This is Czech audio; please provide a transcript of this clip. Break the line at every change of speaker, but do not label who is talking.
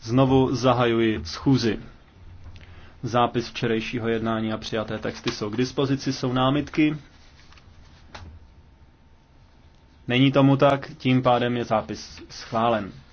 Znovu zahajuji schůzi. Zápis včerejšího jednání a přijaté texty jsou k dispozici, jsou námitky. Není tomu tak, tím pádem je zápis schválen.